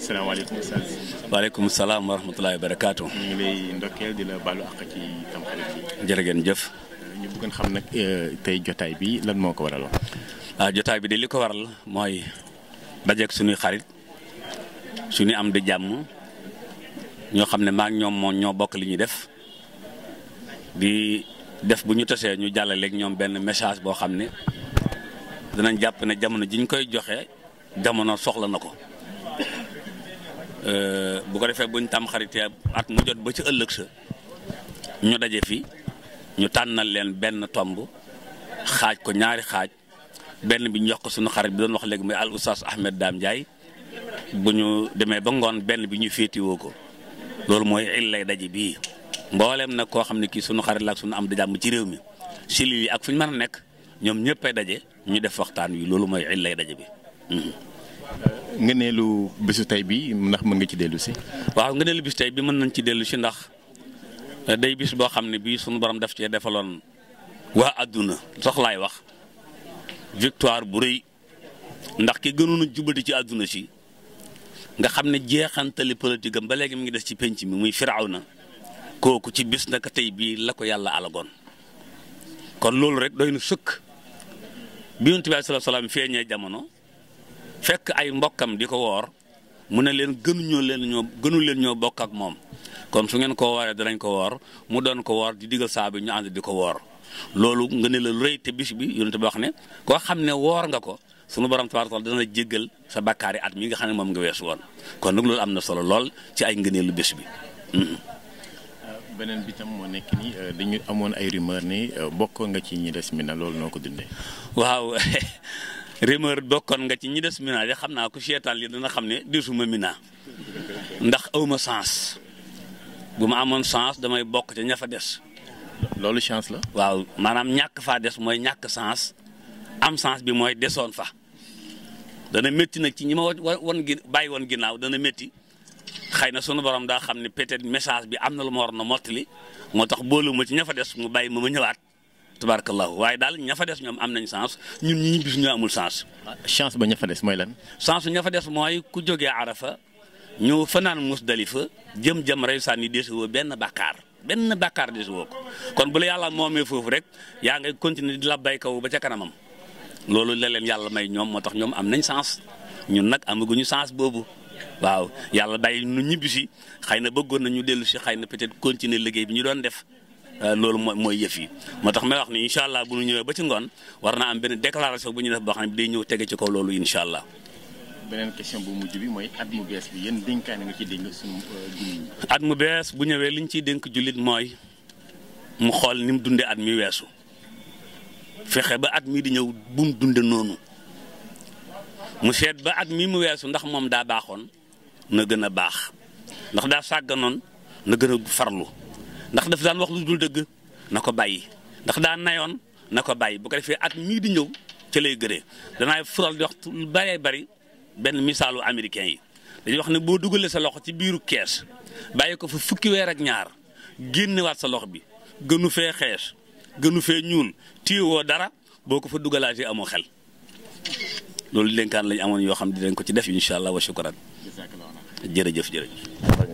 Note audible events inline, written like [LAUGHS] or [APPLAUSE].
salaamaaleykum Oustaz. waaleykum salaam wa rahmatullahi wa barakaatu. ñu ngi lay ndokkeel di la baalu àq jëf. ñu bëggoon xam nag euh, tey jotaay bi lan moo ko waral. ah jotaay bi de li ko waral mooy dajeeg suñuy xarit suñuy am di jàmm ñoo xam ne maak ñoom moom ñoo bokk li ñuy def di def bu ñu tasee ñu jàllaleeg ñoom benn message boo xam ne danañ jàpp ne jamono ji ñu koy joxe jamono soxla na ko. Euh, bu ko defee buñ tam xaritee at mu jot ba ci ëllëg sa ñu daje fi ñu tànnal leen benn tomb xaaj ko ñaari xaaj benn bi ñu jox ko suñu xarit bi doon wax léegi muy al oustaz Ahmed Dame Ndiaye bu ñu demee ba ngoon benn bi ñu féetiwoo ko loolu mooy il lay daje bii mbooleem nag koo xam ne kii sunu xarit la ak am di jàmm ci réew mi si lii ak fu mën a nekk ñoom ñëppay daje ñu def waxtaan wi loolu mooy il lay daje bi. Hmm. ngëneelu bisu tey bi ndax mën nga ci dellu si. waaw ngëneelu bisu tey bi mën nañ ci dellu si ndax eh, day bis boo xam ne bii suñu borom daf cee defaloon waa àdduna soxlaay wax victoire bu rëy ndax ki gënoon a jubati ci àdduna si nga xam ne jeexantali politique ba léegi mu ngi des ci penc mi muy na kooku ci bis naka tey bii la ko yàlla alagoon kon loolu rek doy na sëkk bi Yonent bi sallallahu alayhi wa feeñee jamono. fekk ay mbokkam di ko woor mu ne leen gënuñoo leen ñoo gënu leen ñoo bokk ak moom comme su ngeen ko wooree danañ ko woor mu doon ko woor di digal saa bi ñu ànd di ko woor loolu nga ne la lu rëy te bis bi yonent bi wax ne koo xam ne woor nga ko su sunu borom tabaaraka taala dana jéggal sa bakkaari at mi nga xam ne moom nga weesu woon kon nag loolu am na solo lool ci ay ngëneelu bés bi. beneen bi tam moo nekk nii euh, dañu amoon ay rumeur nii euh, bokk nga ci ñi des mi na loolu noo ko dundee. [LAUGHS] rumeur bokkoon nga ci ñi des Mina de xam naa ko seetaan li dana xam ne desuma Mina ndax awma sens bu ma amoon sens damay bokk ca ña fa des. loolu chance la. waaw maanaam ñàkk faa des mooy ñàkk sens am sens bi mooy desoon fa dana métti nag ci ñi ma won gi bàyyi woon ginnaaw dana métti xëy na sunu borom daa xam ne peut-être message bi am na lu ma war na mottali moo tax booluma ci ña fa des mu bàyyi ma ma ñëwaat. tabarakallahu waaye daal ña fa des ñoom am nañu chance ñun ñu bis ñoo amul chance. chance ba ña fa des mooy lan. chance ña fa des mooy ku jógee Arafa ñu fanaan Musdalifa jëm jëm reysaan yi dese woo benn bàkkaar benn bàkkaar dese woo ko kon bu la yàlla moomee foofu rek yaa ngay continuer di la bay kaw ba ca kanamam loolu la leen yàlla may ñoom moo tax ñoom am nañ chance ñun nag amaguñu chance boobu. waaw yàlla bàyyi nu ñibbisi xëy na bëggoon nañu dellu si xëy na peut-être liggéey bi ñu doon def. Euh, loolu mooy mooy yëf yi moo tax may wax ni incha allah bu ñu ñëwee ba ci ngoon war na am benn déclaration bu ñu def boo xam ñëw tege ci kaw loolu allah. beneen bu mujj bi mooy at mu bees bi yéen dénkaane nga ci dénk suñu euh, at mu bees bu ñëwee liñ ciy dénk jullit mooy mu xool ni mu dundee at mi weesu fexe ba at mii di ñëw bu mu dundee noonu mu seet ba at mi mu weesu ndax moom daa baaxoon na gën a baax ndax daa sàgganoon na gën a farlu. ndax daf daan wax lu dul dëgg na ko bàyyi ndax daan nayoon na ko bàyyi bu ko defee at mii di ñëw ca lay gëree danaay faral di wax lu bëree bari benn missaalu américain yi dañuy wax ne boo dugalee sa loxo ci biiru kees bàyyi ko fa fukki weer ak ñaar génnewaat sa lox bi gënu fee xees gënu fee ñuul téyewoo dara boo ko fa dugalaatee amoo xel loolu dénkaan lañ amoon yoo xam ne dinañ ko ci def incha allah wa shukran jërëjëf jërëjëf